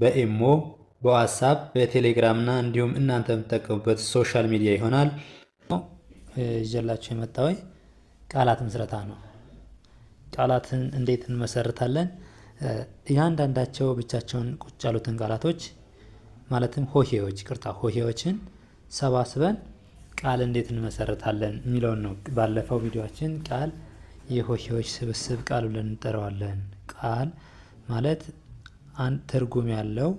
በኢሞ በዋትሳፕ በቴሌግራም እንዲሁም እናንተ የምትጠቀሙበት ሶሻል ሚዲያ ይሆናል። ይዤላችሁ የመጣው ቃላት ምስረታ ነው። ቃላትን እንዴት እንመሰርታለን? እያንዳንዳቸው ብቻቸውን ቁጭ ያሉትን ቃላቶች ማለትም ሆሄዎች፣ ቅርታ ሆሄዎችን ሰባስበን ቃል እንዴት እንመሰርታለን የሚለውን ነው። ባለፈው ቪዲዮችን ቃል የሆሄዎች ስብስብ ቃል ብለን እንጠራዋለን። ቃል ማለት አንድ ትርጉም ያለው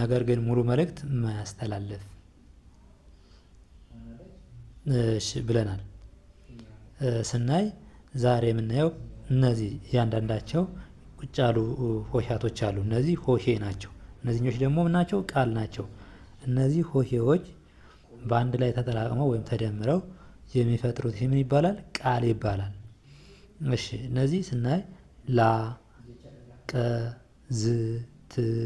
ነገር ግን ሙሉ መልእክት ማያስተላልፍ ብለናል ስናይ ዛሬ የምናየው እነዚህ እያንዳንዳቸው ቁጭ ያሉ ሆሄያቶች አሉ። እነዚህ ሆሄ ናቸው። እነዚህኞች ደግሞ ምናቸው ቃል ናቸው። እነዚህ ሆሄዎች በአንድ ላይ ተጠራቅመው ወይም ተደምረው የሚፈጥሩት ምን ይባላል? ቃል ይባላል። እሺ እነዚህ ስናይ ላ ቀ ዝትደበጠተራ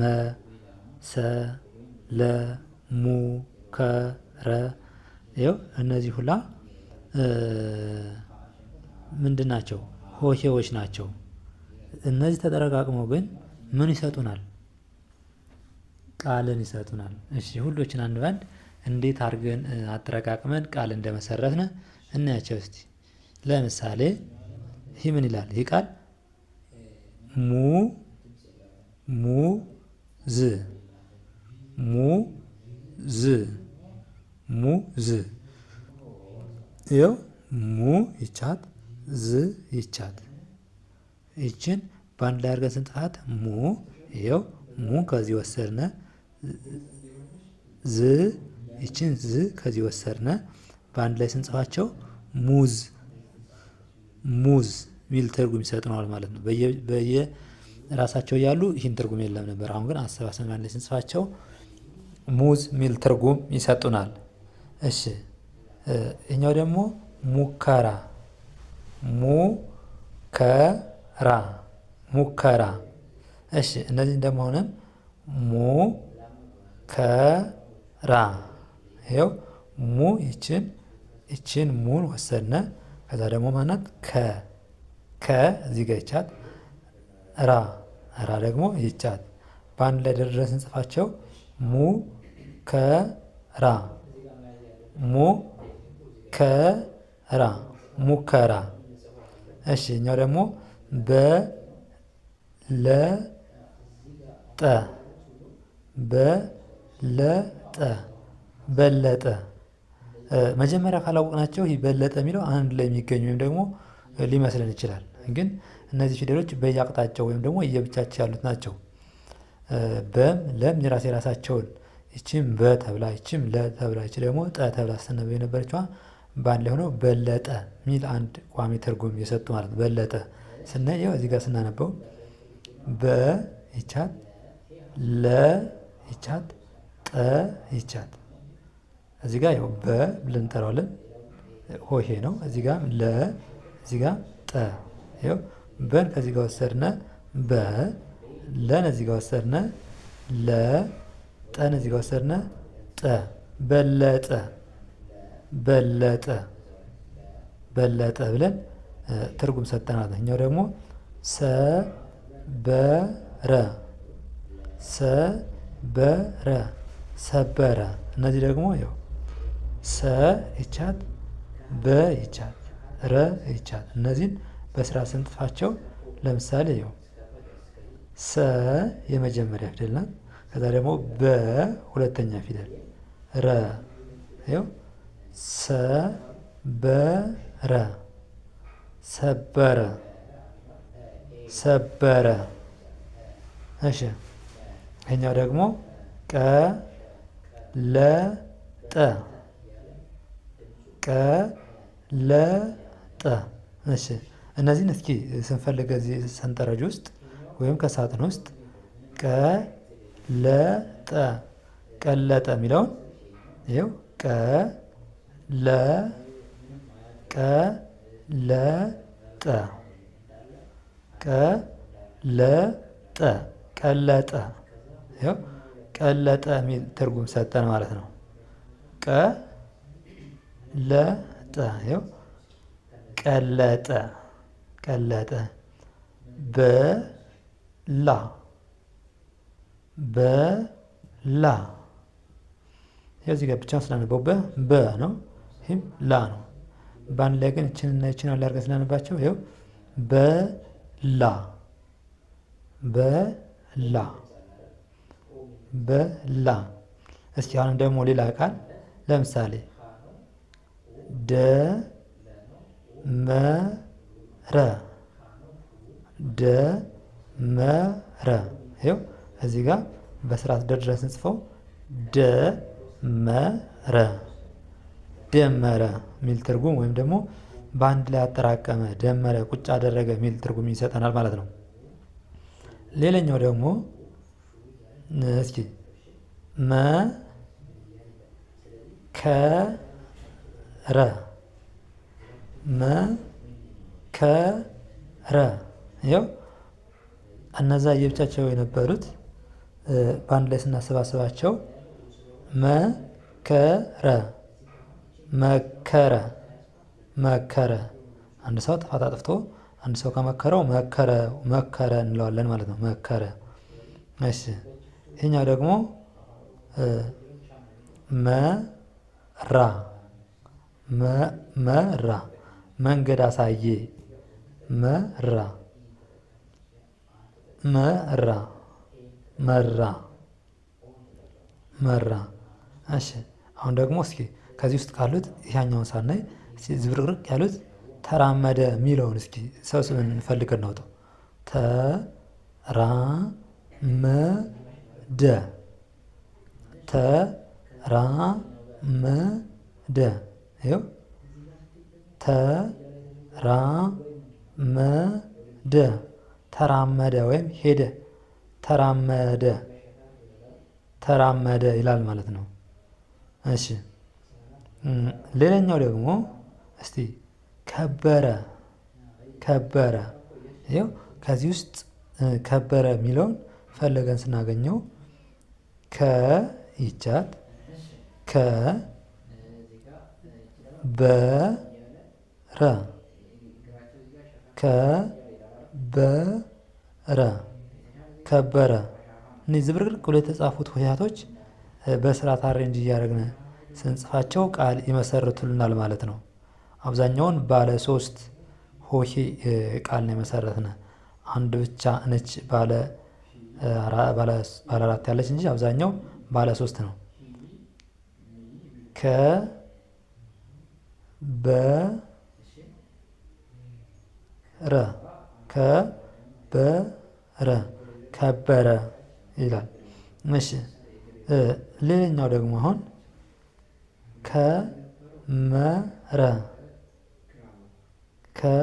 መሰለሙከረ ይኸው እነዚህ ሁላ ምንድን ናቸው? ሆሄዎች ናቸው። እነዚህ ተጠረቃቅመው ግን ምን ይሰጡናል? ቃልን ይሰጡናል። እሺ ሁሎችን አንድ ባንድ እንዴት አድርገን አጠረቃቅመን ቃል እንደመሰረትነ እናያቸው እስቲ። ለምሳሌ ይህ ምን ይላል? ይህ ቃል ሙ ሙ ዝ ሙ ዝ ሙ ዝ ይኸው ሙ ይቻት ዝ ይቻት ይችን በአንድ ላይ አድርገን ስንጽፋት ሙ ይኸው ሙ ከዚህ ወሰድነ ዝ ይችን ዝ ከዚህ ወሰድነ በአንድ ላይ ስንጽፋቸው ሙዝ ሙዝ ሚል ትርጉም ይሰጥነዋል ማለት ነው። በየራሳቸው ያሉ ይህን ትርጉም የለም ነበር። አሁን ግን አሰባሰብ ላይ ስንጽፋቸው ሙዝ ሚል ትርጉም ይሰጡናል። እሺ እኛው ደግሞ ሙከራ ሙከራ ሙከራ። እሺ እነዚህ እንደመሆነም ሙከራ ይኸው ሙ ይችን ይችን ሙን ወሰነ ከዛ ደግሞ ማናት ከ ከ እዚህ ጋር ይቻት ራ ራ ደግሞ ይቻት በአንድ ላይ ደረስ እንጽፋቸው ሙ ከ ራ ሙ ከራ ሙከራ። እሺ እኛው ደግሞ በ በ ለ ለ በለጠ በለጠ መጀመሪያ ካላወቅናቸው በለጠ የሚለው አንድ ላይ የሚገኝ ወይም ደግሞ ሊመስለን ይችላል። ግን እነዚህ ፊደሎች በየአቅጣጫው ወይም ደግሞ እየብቻቸው ያሉት ናቸው። በም ለም የራሴ የራሳቸውን ይችም በ ተብላ ይችም ለ ተብላ ይች ደግሞ ጠ ተብላ ስትነበብ የነበረችዋ በአንድ ላይ ሆነው በለጠ የሚል አንድ ቋሚ ትርጉም የሰጡ ማለት ነው። በለጠ ስናየው እዚህ ጋር ስናነበው በ ይቻት ለ ይቻት ጠ ይቻት እዚህ ጋር ያው በ ብለን እንጠራዋለን። ሆሄ ነው። እዚህ ጋር ለ፣ እዚህ ጋር ጠ። ያው በን ከዚህ ጋር ወሰድነ በ፣ ለን እዚህ ጋር ወሰድነ ለ፣ ጠን እዚህ ጋር ወሰድነ ጠ። በለጠ፣ በለጠ፣ በለጠ ብለን ትርጉም ሰጠናት። እኛው ደግሞ ሰ ሰበረ፣ ሰበረ፣ ሰበረ። እነዚህ ደግሞ ያው ሰ እቻት በ እቻት ረ እቻት እነዚህን በስራ ስንጥፋቸው ለምሳሌ ይኸው ሰ የመጀመሪያ ፊደል ናት። ከዛ ደግሞ በ ሁለተኛ ፊደል ረ ይኸው ሰ በ ረ ሰበረ ሰበረ። እሺ ይህኛው ደግሞ ቀለጠ ቀለጠ። እሺ እነዚህን እስኪ ስንፈልግ እዚህ ሰንጠረዥ ውስጥ ወይም ከሳጥን ውስጥ ቀለጠ ቀለጠ የሚለውን ይኸው ቀለ ቀለጠ ቀለጠ ቀለጠ ይኸው ቀለጠ የሚል ትርጉም ሰጠን ማለት ነው። ቀ ለጠ ይኸው ቀለጠ ቀለጠ በላ በላ እዚህ ጋር ብቻ ስላነበው በ በ ነው። ይህም ላ ነው። በአንድ ላይ ግን እችን እና እችን አለ አድርገን ስላነባቸው ይኸው በላ በላ በላ። እስኪ አሁን ደግሞ ሌላ ቃል ለምሳሌ ደመረ ደመረ ይኸው እዚህ ጋር በስርዓት ደድረስ እንጽፈው ደመረ ደመረ የሚል ትርጉም ወይም ደግሞ በአንድ ላይ አጠራቀመ ደመረ ቁጭ አደረገ የሚል ትርጉም ይሰጠናል ማለት ነው። ሌላኛው ደግሞ እስኪ መ ከ ረ መከረ ይኸው እነዛ የብቻቸው የነበሩት በአንድ ላይ ስናሰባስባቸው መከረ መከረ መከረ አንድ ሰው ጥፋት አጥፍቶ አንድ ሰው ከመከረው መከረ መከረ እንለዋለን ማለት ነው። መከረ። እሺ ይህኛው ደግሞ መራ መራ መንገድ አሳየ መራ መራ መራ መራ። እሺ አሁን ደግሞ እስኪ ከዚህ ውስጥ ካሉት ይሄኛውን ሳናይ ዝብርቅርቅ ያሉት ተራመደ የሚለውን እስኪ ሰው ሰብስበን እንፈልገን ነው። ተራመደ ተራመደ ይኸው ተራመደ ተራመደ ወይም ሄደ ተራመደ ተራመደ ይላል ማለት ነው። እሺ ሌላኛው ደግሞ እስቲ ከበረ ከበረ ይኸው ከዚህ ውስጥ ከበረ የሚለውን ፈለገን ስናገኘው ከ ይቻት ከ በረ ከበረ ከበረ እነዚህ ዝብርቅርቅ ብሎ የተጻፉት ሆሄያቶች በስርዓት አሬንጅ እያደረግን ስንጽፋቸው ቃል ይመሰርቱልናል ማለት ነው። አብዛኛውን ባለ ሶስት ሆሄ ቃል ነው የመሰረትነ። አንድ ብቻ ነች ባለ አራት ያለች እንጂ አብዛኛው ባለ ሶስት ነው። ከ በረ ከበረ ከበረ ይላል። እሺ ሌላኛው ደግሞ አሁን ከመረ ከመረ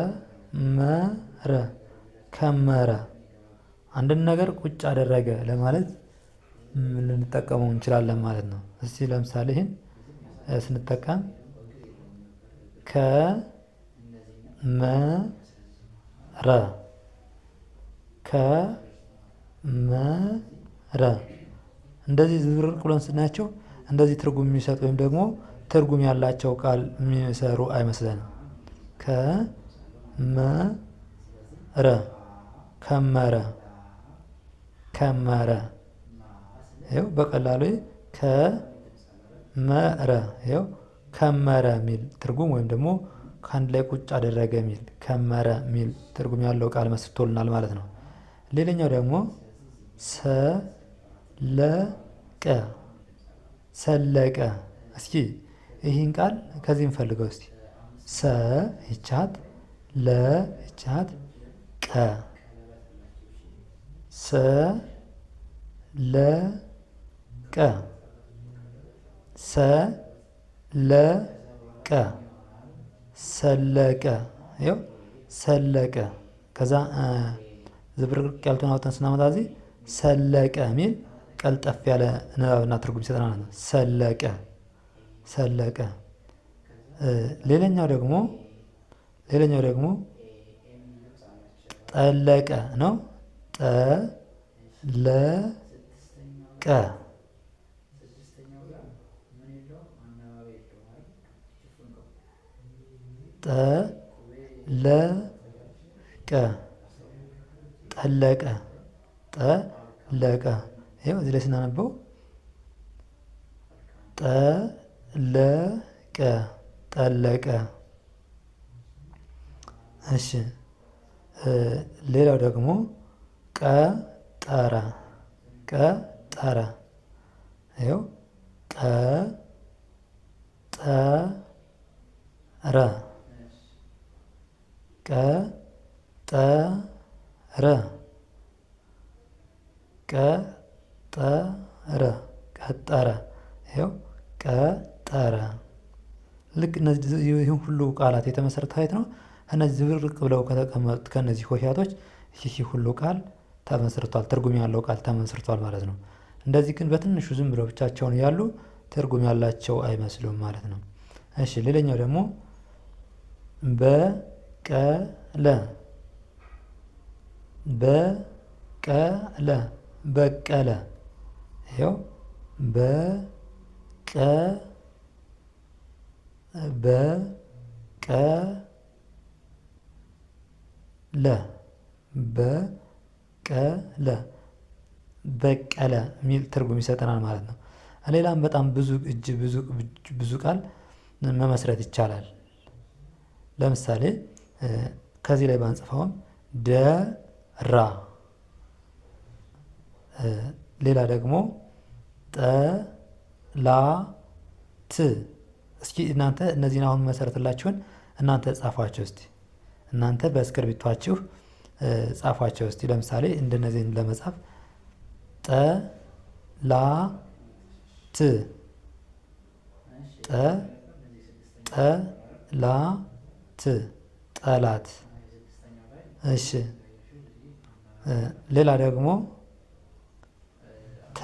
ከመረ አንድን ነገር ቁጭ አደረገ ለማለት ልንጠቀመው እንችላለን ማለት ነው። እስቲ ለምሳሌ ይህን ስንጠቀም ከመረ ከመረ እንደዚህ ዝብርቅ ቁለን ስናያቸው እንደዚህ ትርጉም የሚሰጥ ወይም ደግሞ ትርጉም ያላቸው ቃል የሚሰሩ አይመስለንም። ከመረ ከመረ ከመረ ይኸው በቀላሉ ከመረ ይኸው ከመረ የሚል ትርጉም ወይም ደግሞ ከአንድ ላይ ቁጭ አደረገ ሚል ከመረ የሚል ትርጉም ያለው ቃል መስርቶልናል ማለት ነው። ሌላኛው ደግሞ ሰለቀ ሰለቀ። እስኪ ይህን ቃል ከዚህ እንፈልገው እስኪ ሰ ይቻት ለ ይቻት ቀ ሰ ለ ቀ ሰ ለቀ ሰለቀ ይኸው ሰለቀ ከዛ ዝብርቅ ያሉትን አውጥተን ስናመጣ እዚህ ሰለቀ የሚል ቀልጠፍ ያለ ንባብና ትርጉም ይሰጠናል ነው። ሰለቀ ሰለቀ። ሌላኛው ደግሞ ሌላኛው ደግሞ ጠለቀ ነው። ጠለቀ ጠለቀ ጠለቀ ጠለቀ ይሄው እዚህ ላይ ስናነበው ጠለቀ ጠለቀ። እሺ ሌላው ደግሞ ቀጠረ ቀጠረ ይኸው ቀጠረ ቀጠረ ቀጠረ ቀጠረ ይኸው ቀጠረ ልክ እነዚህ ሁሉ ቃላት የተመሰረተ ሀይት ነው። እነዚህ ዝብርቅ ብለው ከተቀመጡት ከእነዚህ ሆሄያቶች ይህ ሁሉ ቃል ተመስርቷል። ትርጉም ያለው ቃል ተመስርቷል ማለት ነው። እንደዚህ ግን በትንሹ ዝም ብለው ብቻቸውን ያሉ ትርጉም ያላቸው አይመስሉም ማለት ነው። እሺ ሌላኛው ደግሞ በ በቀለ በቀለ በቀለ ይኸው በቀ በቀለ በቀለ በቀለ የሚል ትርጉም ይሰጠናል ማለት ነው። ሌላም በጣም ብዙ እጅ ብዙ ብዙ ቃል መመስረት ይቻላል። ለምሳሌ ከዚህ ላይ ባንጽፈውም ደራ፣ ሌላ ደግሞ ጠላት። እስኪ እናንተ እነዚህን አሁን መሰረትላችሁን እናንተ ጻፏቸው እስቲ እናንተ በእስክርቢቷችሁ ጻፏቸው እስቲ። ለምሳሌ እንደነዚህን ለመጻፍ ጠላት ጠ ጠላት ጠላት። እሺ ሌላ ደግሞ ተ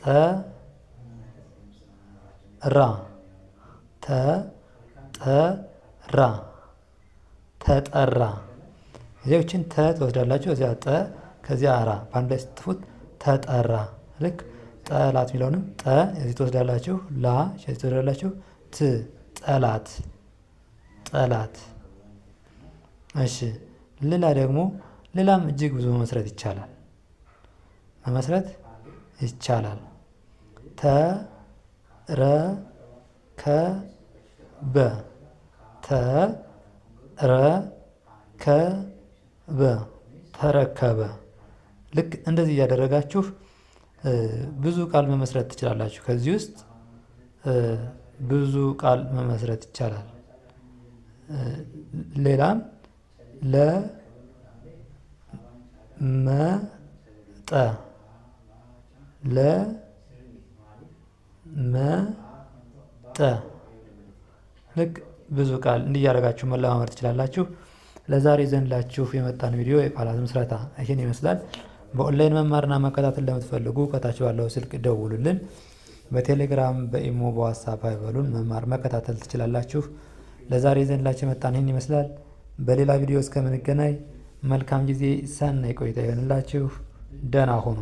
ተ ጠ ራ ጠ ራ ተጠራ። እዚያችን ተ ትወስዳላችሁ እዚያ ጠ ከዚያ ራ በአንድ ላይ ስትፉት ተጠራ። ልክ ጠላት የሚለውንም ጠ እዚህ ትወስዳላችሁ፣ ላ እዚህ ትወስዳላችሁ፣ ት ጠላት ጠላት። እሺ ሌላ ደግሞ ሌላም እጅግ ብዙ መመስረት ይቻላል መመስረት ይቻላል። ከ በ ተረከበ። ልክ እንደዚህ እያደረጋችሁ ብዙ ቃል መመስረት ትችላላችሁ። ከዚህ ውስጥ ብዙ ቃል መመስረት ይቻላል። ሌላም ለመጠ ለመጠ ልክ ብዙ ቃል እንዲያደርጋችሁ መለማመድ ትችላላችሁ። ለዛሬ ዘንላችሁ የመጣን ቪዲዮ የቃላት ምስረታ ይህን ይመስላል። በኦንላይን መማርና መከታተል ለምትፈልጉ ከታች ባለው ስልክ ደውሉልን። በቴሌግራም በኢሞ በዋትሳፕ አይበሉን መማር መከታተል ትችላላችሁ። ለዛሬ ዘንላችሁ የመጣን ይህን ይመስላል። በሌላ ቪዲዮ እስከምንገናኝ መልካም ጊዜ፣ ሰናይ ቆይታ ይሆንላችሁ። ደህና ሁኑ።